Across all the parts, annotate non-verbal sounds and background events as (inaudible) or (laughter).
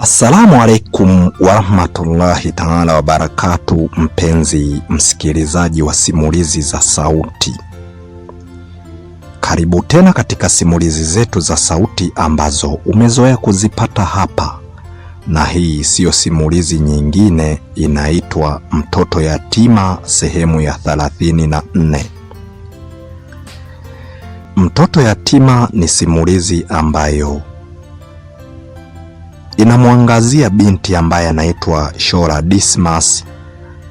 Assalamu alaikum warahmatullahi taala wabarakatu, mpenzi msikilizaji wa simulizi za sauti, karibu tena katika simulizi zetu za sauti ambazo umezoea kuzipata hapa, na hii siyo simulizi nyingine, inaitwa Mtoto Yatima sehemu ya 34. Mtoto Yatima ni simulizi ambayo inamwangazia binti ambaye anaitwa Shora Dismas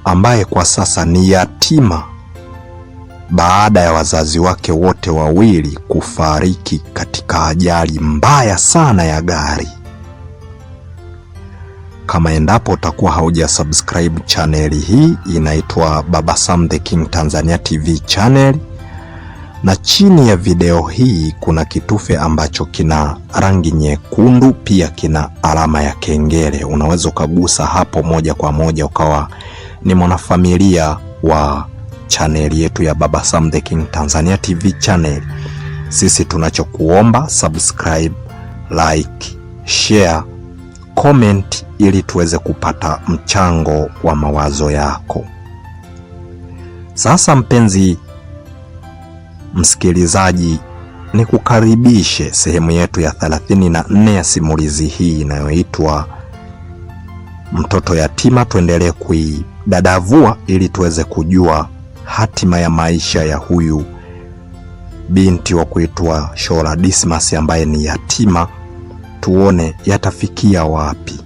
ambaye kwa sasa ni yatima baada ya wazazi wake wote wawili kufariki katika ajali mbaya sana ya gari. Kama endapo utakuwa hauja subscribe chaneli hii, inaitwa Baba Sam The King Tanzania TV channel na chini ya video hii kuna kitufe ambacho kina rangi nyekundu, pia kina alama ya kengele. Unaweza ukagusa hapo moja kwa moja ukawa ni mwanafamilia wa chaneli yetu ya Baba Sam The King Tanzania TV channel. Sisi tunachokuomba subscribe, like, share, comment ili tuweze kupata mchango wa mawazo yako. Sasa mpenzi msikilizaji, ni kukaribishe sehemu yetu ya 34 ya simulizi hii inayoitwa Mtoto Yatima. Tuendelee kuidadavua ili tuweze kujua hatima ya maisha ya huyu binti wa kuitwa Shola Dismas ambaye ni yatima, tuone yatafikia wapi.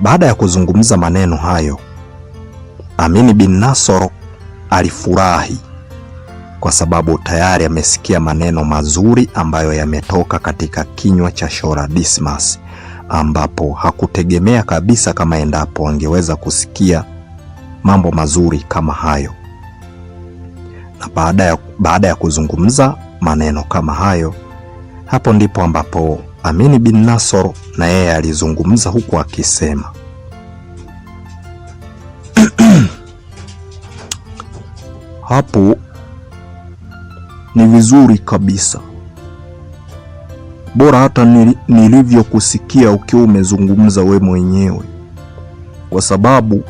Baada ya kuzungumza maneno hayo, Amini bin Nasoro alifurahi kwa sababu tayari amesikia maneno mazuri ambayo yametoka katika kinywa cha Shora Dismas, ambapo hakutegemea kabisa kama endapo angeweza kusikia mambo mazuri kama hayo. Na baada ya, baada ya kuzungumza maneno kama hayo, hapo ndipo ambapo Amini bin Nasor na yeye alizungumza huku akisema hapo ni vizuri kabisa, bora hata nilivyokusikia ukiwa umezungumza we mwenyewe, kwa sababu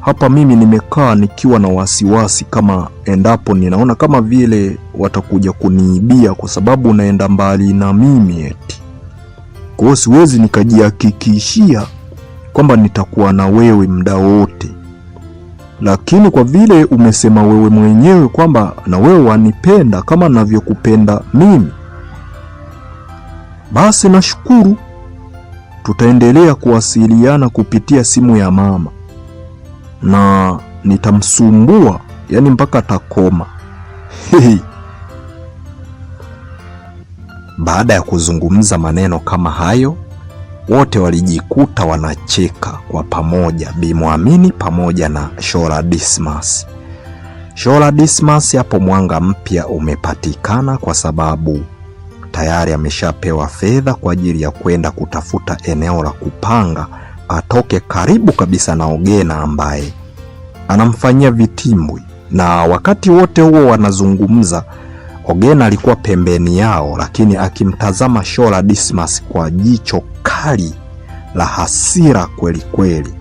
hapa mimi nimekaa nikiwa na wasiwasi, kama endapo ninaona kama vile watakuja kuniibia, kwa sababu unaenda mbali na mimi eti. Kwa hiyo siwezi nikajihakikishia kwamba nitakuwa na wewe muda wote lakini kwa vile umesema wewe mwenyewe kwamba na wewe wanipenda kama navyokupenda mimi, basi nashukuru. Tutaendelea kuwasiliana kupitia simu ya mama na nitamsumbua yani mpaka atakoma Baada ya kuzungumza maneno kama hayo, wote walijikuta wanacheka kwa pamoja, bimwamini pamoja na Shola Dismas. Shola Dismas, hapo mwanga mpya umepatikana kwa sababu tayari ameshapewa fedha kwa ajili ya kwenda kutafuta eneo la kupanga atoke karibu kabisa na Ogena ambaye anamfanyia vitimbwi, na wakati wote huo wanazungumza, Ogena alikuwa pembeni yao, lakini akimtazama Shola Dismas kwa jicho kali la hasira kweli kweli,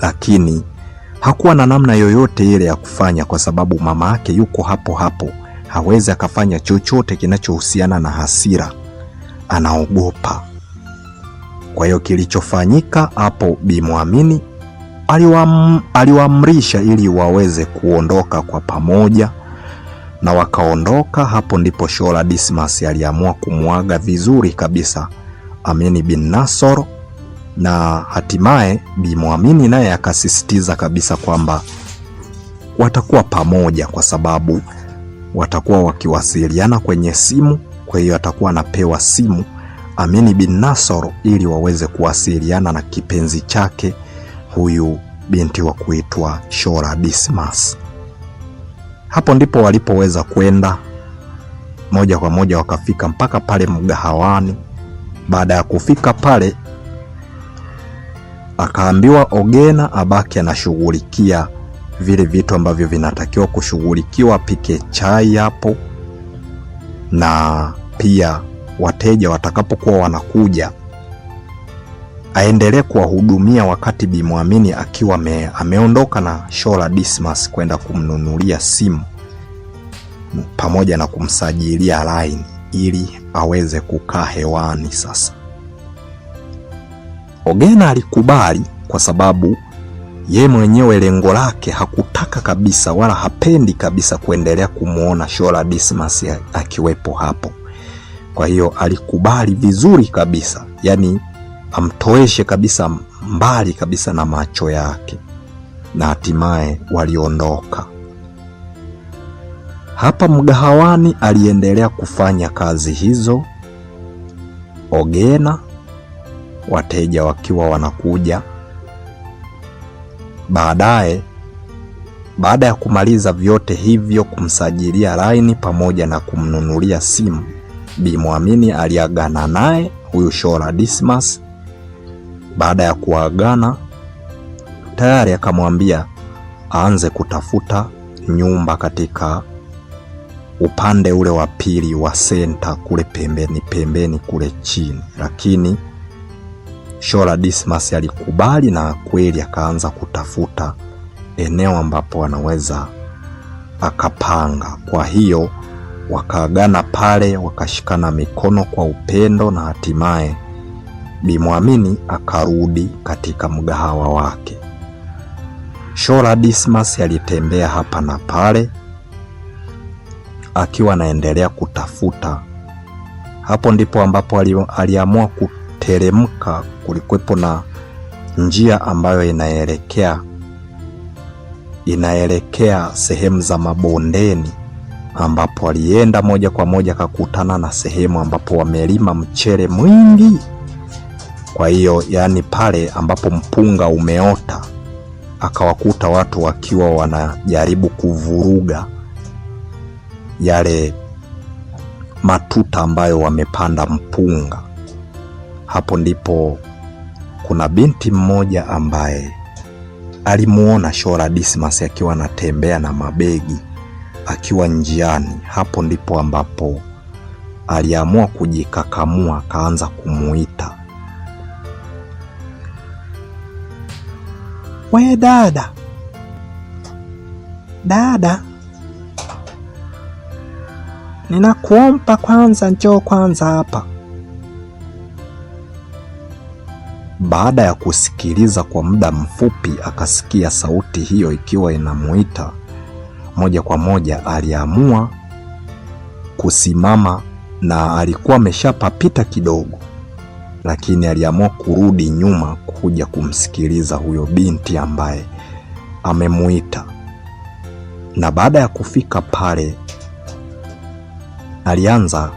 lakini hakuwa na namna yoyote ile ya kufanya, kwa sababu mama yake yuko hapo hapo, hawezi akafanya chochote kinachohusiana na hasira, anaogopa. Kwa hiyo kilichofanyika hapo, Bimwamini aliwam, aliwaamrisha ili waweze kuondoka kwa pamoja na wakaondoka. Hapo ndipo Shola Dismas aliamua kumwaga vizuri kabisa Amini bin Nasor na hatimaye Bi Muamini naye akasisitiza kabisa kwamba watakuwa pamoja kwa sababu watakuwa wakiwasiliana kwenye simu. Kwa hiyo atakuwa anapewa simu Amini bin Nasor ili waweze kuwasiliana na kipenzi chake huyu binti wa kuitwa Shora Dismas. Hapo ndipo walipoweza kwenda moja kwa moja, wakafika mpaka pale mgahawani baada ya kufika pale, akaambiwa Ogena abaki anashughulikia vile vitu ambavyo vinatakiwa kushughulikiwa, pike chai hapo, na pia wateja watakapokuwa wanakuja aendelee kuwahudumia wakati Bimwamini akiwa me, ameondoka na Shola Dismas kwenda kumnunulia simu pamoja na kumsajilia laini ili aweze kukaa hewani. Sasa Ogena alikubali kwa sababu ye mwenyewe lengo lake hakutaka kabisa wala hapendi kabisa kuendelea kumwona Shola Dismas akiwepo hapo. Kwa hiyo alikubali vizuri kabisa, yani amtoeshe kabisa mbali kabisa na macho yake, na hatimaye waliondoka. Hapa mgahawani aliendelea kufanya kazi hizo, Ogena, wateja wakiwa wanakuja. Baadaye, baada ya kumaliza vyote hivyo, kumsajilia laini pamoja na kumnunulia simu, Bi Mwamini aliagana naye huyu Shora Dismas. Baada ya kuagana, tayari akamwambia aanze kutafuta nyumba katika upande ule wa pili wa senta kule pembeni pembeni kule chini, lakini Shola Dismas alikubali na kweli akaanza kutafuta eneo ambapo anaweza akapanga. Kwa hiyo wakaagana pale, wakashikana mikono kwa upendo na hatimaye Bimwamini akarudi katika mgahawa wake. Shola Dismas alitembea hapa na pale akiwa anaendelea kutafuta. Hapo ndipo ambapo aliamua kuteremka. Kulikuwepo na njia ambayo inaelekea inaelekea sehemu za mabondeni ambapo alienda moja kwa moja akakutana na sehemu ambapo wamelima mchele mwingi. Kwa hiyo yaani, pale ambapo mpunga umeota, akawakuta watu wakiwa wanajaribu kuvuruga yale matuta ambayo wamepanda mpunga. Hapo ndipo kuna binti mmoja ambaye alimuona Shora Dismas akiwa anatembea na mabegi akiwa njiani. Hapo ndipo ambapo aliamua kujikakamua, akaanza kumuita we dada, dada Ninakuomba kwanza njoo kwanza hapa. Baada ya kusikiliza kwa muda mfupi, akasikia sauti hiyo ikiwa inamuita moja kwa moja. Aliamua kusimama na alikuwa ameshapapita kidogo, lakini aliamua kurudi nyuma kuja kumsikiliza huyo binti ambaye amemuita. Na baada ya kufika pale alianza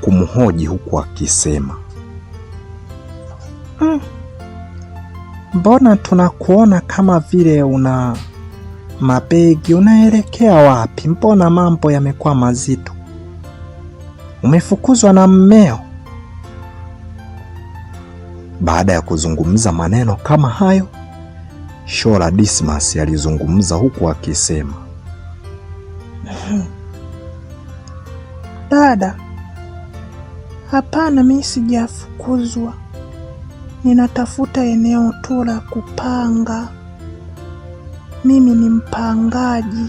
kumhoji huku akisema, hmm, mbona tunakuona kama vile una mabegi, unaelekea wapi? Mbona mambo yamekuwa mazito? Umefukuzwa na mmeo? Baada ya kuzungumza maneno kama hayo, Shola Dismas alizungumza huku akisema Dada, hapana mimi sijafukuzwa. Ninatafuta eneo tu la kupanga. Mimi ni mpangaji.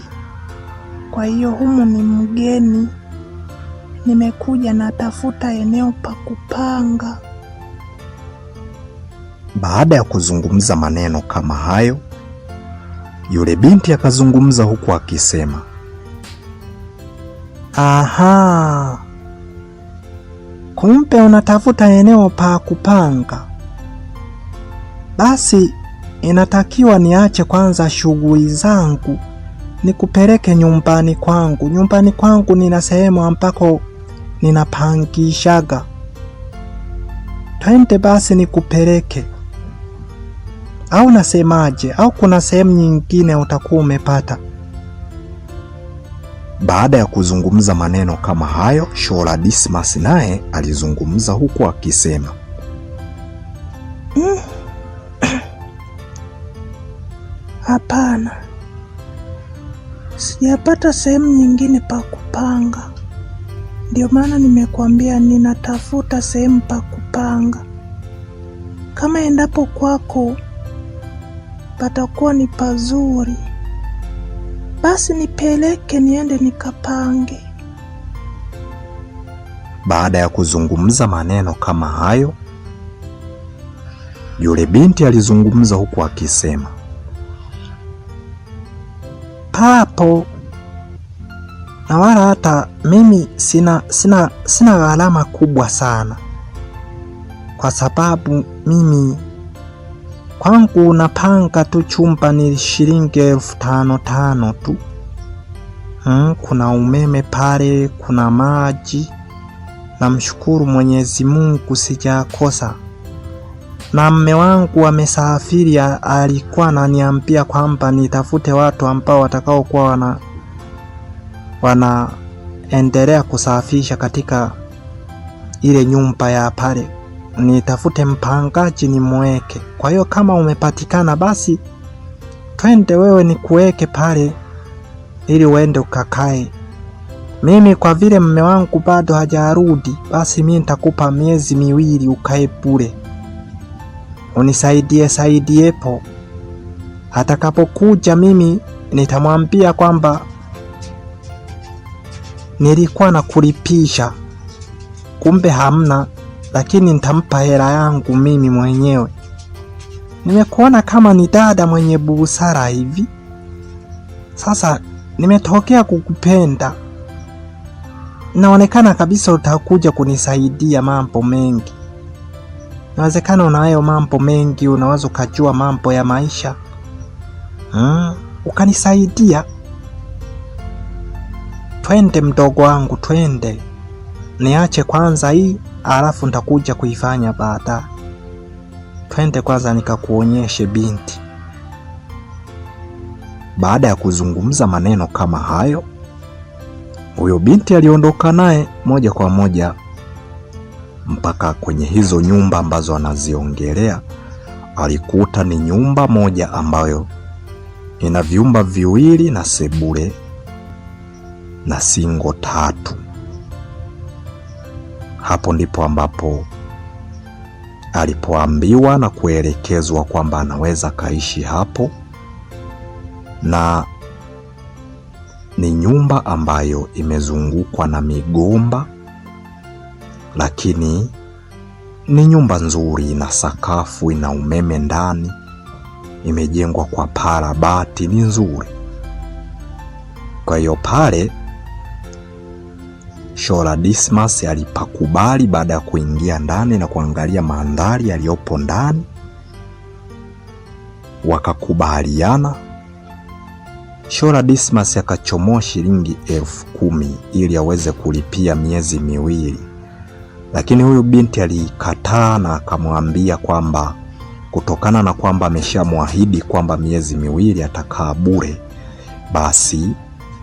Kwa hiyo humu ni mgeni. Nimekuja natafuta eneo pa kupanga. Baada ya kuzungumza maneno kama hayo, yule binti akazungumza huku akisema, Aha. Kumbe unatafuta eneo pa kupanga. Basi inatakiwa niache kwanza shughuli zangu nikupeleke nyumbani kwangu. Nyumbani kwangu nina sehemu ambako ninapangishaga. Twende basi nikupeleke, au nasemaje? Au kuna sehemu nyingine utakuwa umepata? Baada ya kuzungumza maneno kama hayo, Shola Dismas naye alizungumza huku akisema mm. (clears throat) hapana, sijapata sehemu nyingine pa kupanga, ndio maana nimekuambia ninatafuta sehemu pa kupanga. Kama endapo kwako patakuwa ni pazuri basi nipeleke niende nikapange. Baada ya kuzungumza maneno kama hayo, yule binti alizungumza huku akisema, papo na wala hata mimi sina, sina, sina gharama kubwa sana, kwa sababu mimi Kwangu napanga tu chumba ni shilingi elfu tano tano tu. Hmm, kuna umeme pale, kuna maji. Namshukuru Mwenyezi Mungu sijakosa. Na mme wangu amesafiri, alikuwa ananiambia kwamba nitafute watu ambao watakaokuwa wana wanaendelea kusafisha katika ile nyumba ya pale nitafute mpangaji nimweke. Kwa hiyo kama umepatikana, basi twende, wewe nikuweke pale ili uende ukakae. Mimi kwa vile mme wangu bado hajarudi, basi mimi nitakupa miezi miwili ukae bure, unisaidie saidiepo. Atakapokuja mimi nitamwambia kwamba nilikuwa na kulipisha, kumbe hamna lakini nitampa hela yangu mimi mwenyewe. Nimekuona kama ni dada mwenye busara hivi. Sasa nimetokea kukupenda, naonekana kabisa utakuja kunisaidia mambo mengi. Nawezekana unayo mambo mengi, unaweza ukajua mambo ya maisha hmm, ukanisaidia. Twende mdogo wangu, twende niache kwanza hii, alafu nitakuja kuifanya baada. Twende kwanza nikakuonyeshe binti. Baada ya kuzungumza maneno kama hayo, huyo binti aliondoka naye moja kwa moja mpaka kwenye hizo nyumba ambazo anaziongelea. Alikuta ni nyumba moja ambayo ina vyumba viwili na sebule na singo tatu. Hapo ndipo ambapo alipoambiwa na kuelekezwa kwamba anaweza kaishi hapo, na ni nyumba ambayo imezungukwa na migomba, lakini ni nyumba nzuri, ina sakafu, ina umeme ndani, imejengwa kwa parabati, ni nzuri. Kwa hiyo pale la Dismas alipakubali baada ya kuingia ndani na kuangalia mandhari yaliyopo ndani, wakakubaliana. Shola Dismas akachomoa shilingi elfu kumi ili aweze kulipia miezi miwili, lakini huyu binti alikataa na akamwambia kwamba kutokana na kwamba ameshamwahidi kwamba miezi miwili atakaa bure, basi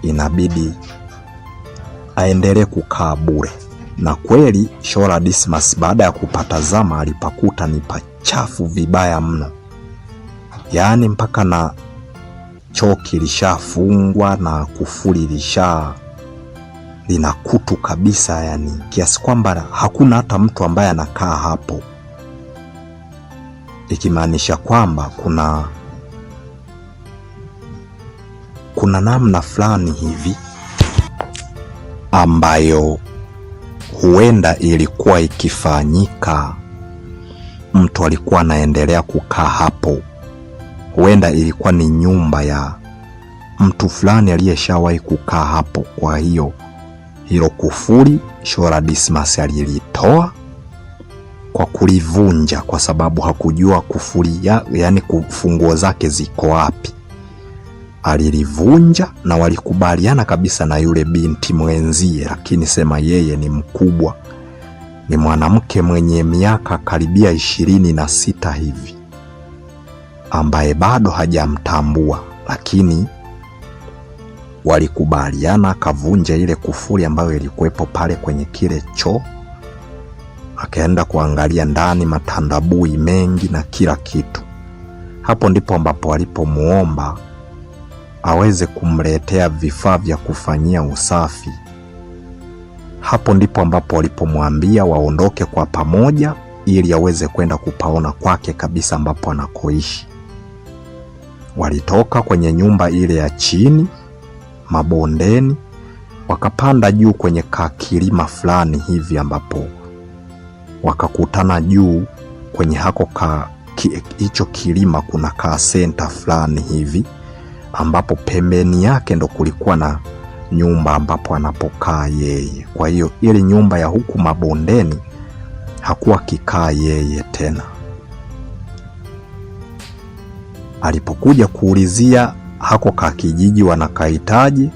inabidi aendelee kukaa bure. Na kweli Shola Dismas baada ya kupatazama alipakuta ni pachafu vibaya mno, yaani mpaka na choki lishafungwa na kufuli lisha lina kutu kabisa, yani kiasi kwamba hakuna hata mtu ambaye anakaa hapo, ikimaanisha kwamba kuna kuna namna fulani hivi ambayo huenda ilikuwa ikifanyika, mtu alikuwa anaendelea kukaa hapo. Huenda ilikuwa ni nyumba ya mtu fulani aliyeshawahi kukaa hapo. Kwa hiyo hilo kufuri Shora Dismas alilitoa kwa kulivunja, kwa sababu hakujua kufuri ya, yani funguo zake ziko wapi alilivunja na walikubaliana kabisa na yule binti mwenzie, lakini sema yeye ni mkubwa, ni mwanamke mwenye miaka karibia ishirini na sita hivi ambaye bado hajamtambua, lakini walikubaliana akavunja ile kufuri ambayo ilikuwepo pale kwenye kile choo, akaenda kuangalia ndani, matandabui mengi na kila kitu. Hapo ndipo ambapo walipomuomba aweze kumletea vifaa vya kufanyia usafi. Hapo ndipo ambapo walipomwambia waondoke kwa pamoja ili aweze kwenda kupaona kwake kabisa ambapo anakoishi. Walitoka kwenye nyumba ile ya chini mabondeni, wakapanda juu kwenye kakilima fulani hivi, ambapo wakakutana juu kwenye hako ka hicho ki, kilima kuna ka senta fulani hivi ambapo pembeni yake ndo kulikuwa na nyumba ambapo anapokaa yeye. Kwa hiyo ile nyumba ya huku mabondeni hakuwa akikaa yeye tena. Alipokuja kuulizia hako kakijiji wanakahitaji,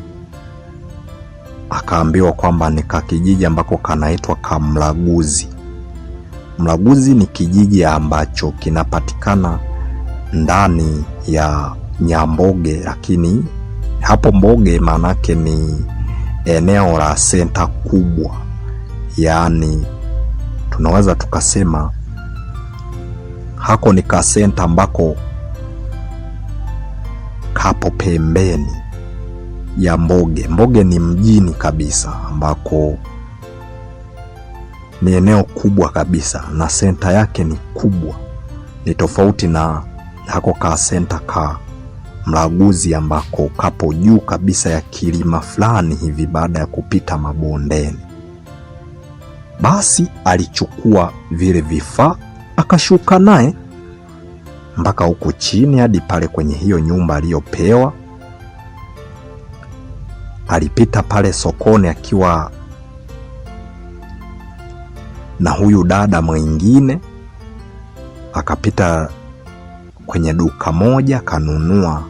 akaambiwa kwamba ni kakijiji ambako kanaitwa Kamlaguzi. Mlaguzi ni kijiji ambacho kinapatikana ndani ya Nyamboge, lakini hapo Mboge maanake ni eneo la senta kubwa, yaani tunaweza tukasema hako ni kasenta ambako kapo pembeni ya Mboge. Mboge ni mjini kabisa, ambako ni eneo kubwa kabisa na senta yake ni kubwa, ni tofauti na hako kasenta ka Mlaguzi ambako kapo juu kabisa ya kilima fulani hivi baada ya kupita mabondeni. Basi alichukua vile vifaa akashuka naye mpaka huku chini hadi pale kwenye hiyo nyumba aliyopewa. Alipita pale sokoni akiwa na huyu dada mwingine, akapita kwenye duka moja kanunua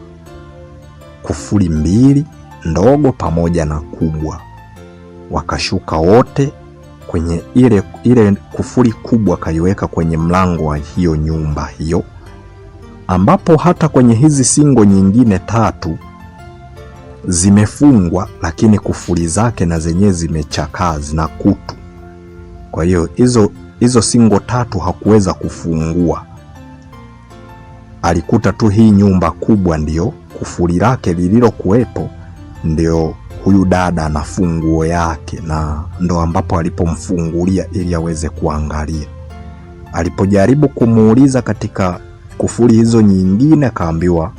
kufuli mbili ndogo pamoja na kubwa. Wakashuka wote kwenye ile, ile kufuli kubwa kaiweka kwenye mlango wa hiyo nyumba hiyo, ambapo hata kwenye hizi singo nyingine tatu zimefungwa, lakini kufuli zake na zenyewe zimechakaa, zina kutu. Kwa hiyo hizo hizo singo tatu hakuweza kufungua, alikuta tu hii nyumba kubwa ndiyo kufuli lake lililokuwepo, ndio huyu dada na funguo yake, na ndo ambapo alipomfungulia ili aweze kuangalia. Alipojaribu kumuuliza katika kufuli hizo nyingine, akaambiwa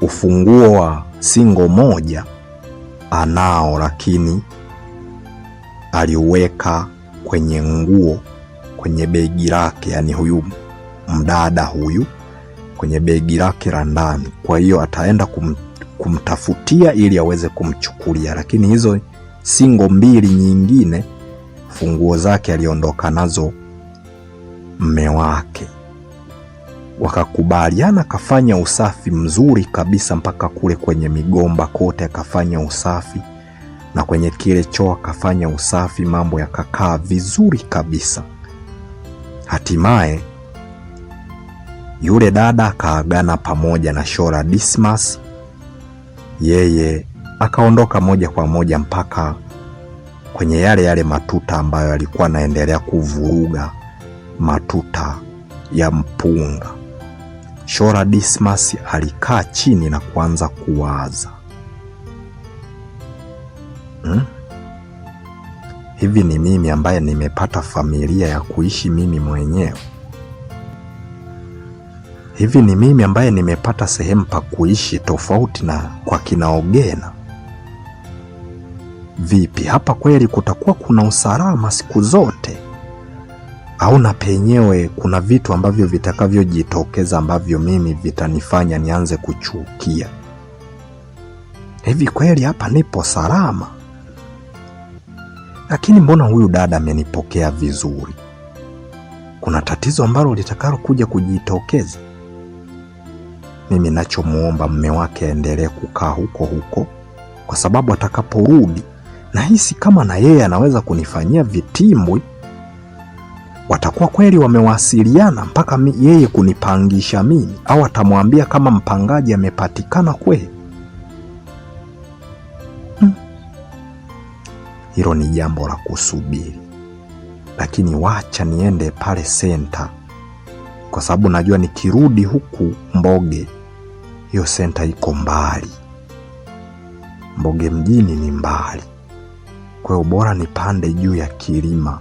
ufunguo wa singo moja anao, lakini aliuweka kwenye nguo, kwenye begi lake, yani huyu mdada huyu kwenye begi lake la ndani, kwa hiyo ataenda kum, kumtafutia ili aweze kumchukulia, lakini hizo singo mbili nyingine funguo zake aliondoka nazo mme wake. Wakakubaliana, akafanya usafi mzuri kabisa mpaka kule kwenye migomba kote akafanya usafi, na kwenye kile choo akafanya usafi, mambo yakakaa vizuri kabisa. Hatimaye yule dada akaagana pamoja na Shora Dismas, yeye akaondoka moja kwa moja mpaka kwenye yale yale matuta ambayo alikuwa anaendelea kuvuruga, matuta ya mpunga. Shora Dismas alikaa chini na kuanza kuwaza hmm? Hivi ni mimi ambaye nimepata familia ya kuishi mimi mwenyewe? hivi ni mimi ambaye nimepata sehemu pa kuishi tofauti na kwa kinaogena? Vipi hapa kweli kutakuwa kuna usalama siku zote, au na penyewe kuna vitu ambavyo vitakavyojitokeza ambavyo mimi vitanifanya nianze kuchukia? Hivi kweli hapa nipo salama? Lakini mbona huyu dada amenipokea vizuri? Kuna tatizo ambalo litakalokuja kujitokeza? mimi nachomuomba mme wake aendelee kukaa huko huko, kwa sababu atakaporudi nahisi kama na yeye anaweza kunifanyia vitimbwi. Watakuwa kweli wamewasiliana mpaka yeye kunipangisha mimi, au atamwambia kama mpangaji amepatikana kweli? Hmm, hilo ni jambo la kusubiri, lakini wacha niende pale senta, kwa sababu najua nikirudi huku Mboge hiyo senta iko mbali, Mboge mjini ni mbali. Kwa hiyo bora nipande juu ya kilima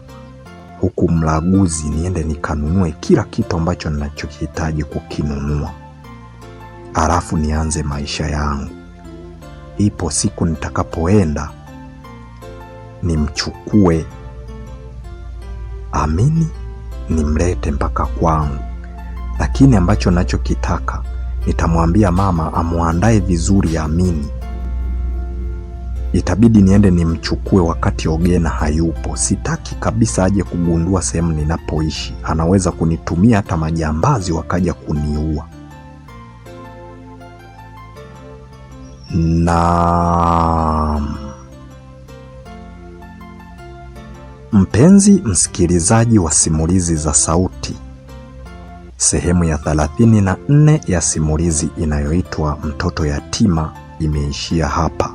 huku Mlaguzi niende nikanunue kila kitu ambacho ninachokihitaji kukinunua, alafu nianze maisha yangu. Ipo siku nitakapoenda nimchukue Amini nimlete mpaka kwangu, lakini ambacho nachokitaka Nitamwambia mama amwandae vizuri Amini. Itabidi niende nimchukue wakati Ogena hayupo. Sitaki kabisa aje kugundua sehemu ninapoishi. Anaweza kunitumia hata majambazi wakaja kuniua. Na mpenzi msikilizaji wa simulizi za sauti Sehemu ya 34 ya simulizi inayoitwa Mtoto Yatima imeishia hapa.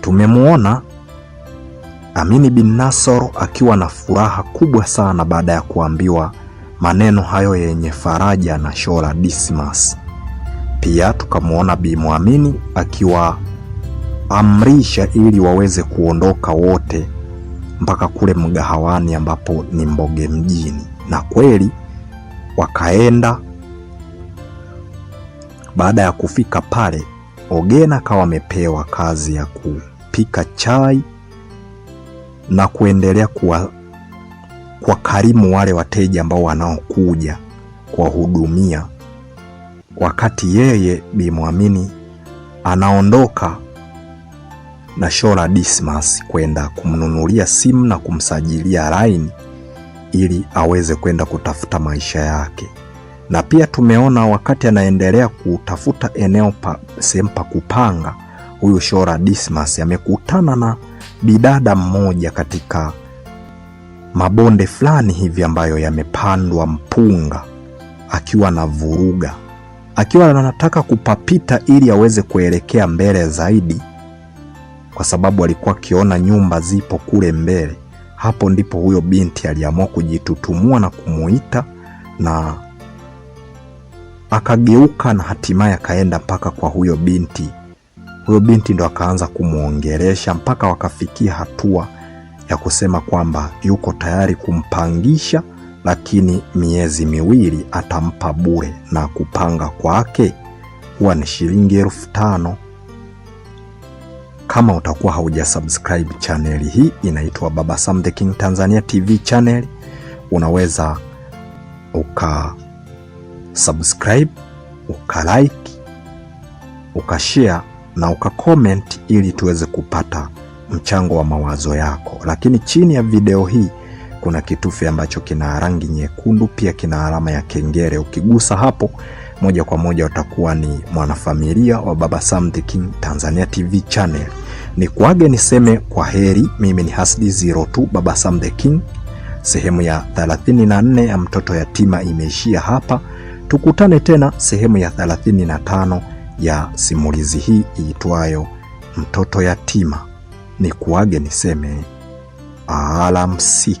Tumemwona Amini bin Nasoro akiwa na furaha kubwa sana baada ya kuambiwa maneno hayo yenye faraja na Shola Dismas. Pia tukamwona Bi Muamini akiwa amrisha ili waweze kuondoka wote mpaka kule mgahawani ambapo ni Mboge mjini na kweli wakaenda. Baada ya kufika pale, Ogena akawa amepewa kazi ya kupika chai na kuendelea kuwa kwa karimu wale wateja ambao wanaokuja kuwahudumia. Wakati yeye bimwamini anaondoka na Shora Dismas kwenda kumnunulia simu na kumsajilia laini ili aweze kwenda kutafuta maisha yake. Na pia tumeona wakati anaendelea kutafuta eneo pa sehemu pa kupanga, huyu Shora Dismas amekutana na bidada mmoja katika mabonde fulani hivi ambayo yamepandwa mpunga, akiwa na vuruga, akiwa anataka kupapita ili aweze kuelekea mbele zaidi, kwa sababu alikuwa akiona nyumba zipo kule mbele. Hapo ndipo huyo binti aliamua kujitutumua na kumuita na akageuka na hatimaye akaenda mpaka kwa huyo binti. Huyo binti ndo akaanza kumwongelesha mpaka wakafikia hatua ya kusema kwamba yuko tayari kumpangisha, lakini miezi miwili atampa bure na kupanga kwake huwa ni shilingi elfu tano. Kama utakuwa haujasubscribe chaneli hii inaitwa Baba Sam the King Tanzania TV channel, unaweza uka subscribe, uka like, share na uka comment ili tuweze kupata mchango wa mawazo yako. Lakini chini ya video hii kuna kitufe ambacho kina rangi nyekundu, pia kina alama ya kengele. Ukigusa hapo moja kwa moja utakuwa ni mwanafamilia wa Baba Sam The King Tanzania TV channel. Ni kuage niseme kwa heri, mimi ni Hasdi Zero tu. Baba Sam The King sehemu ya 34 ya mtoto yatima imeishia hapa. Tukutane tena sehemu ya 35 ya simulizi hii iitwayo mtoto yatima. Ni kuage niseme alamsiki.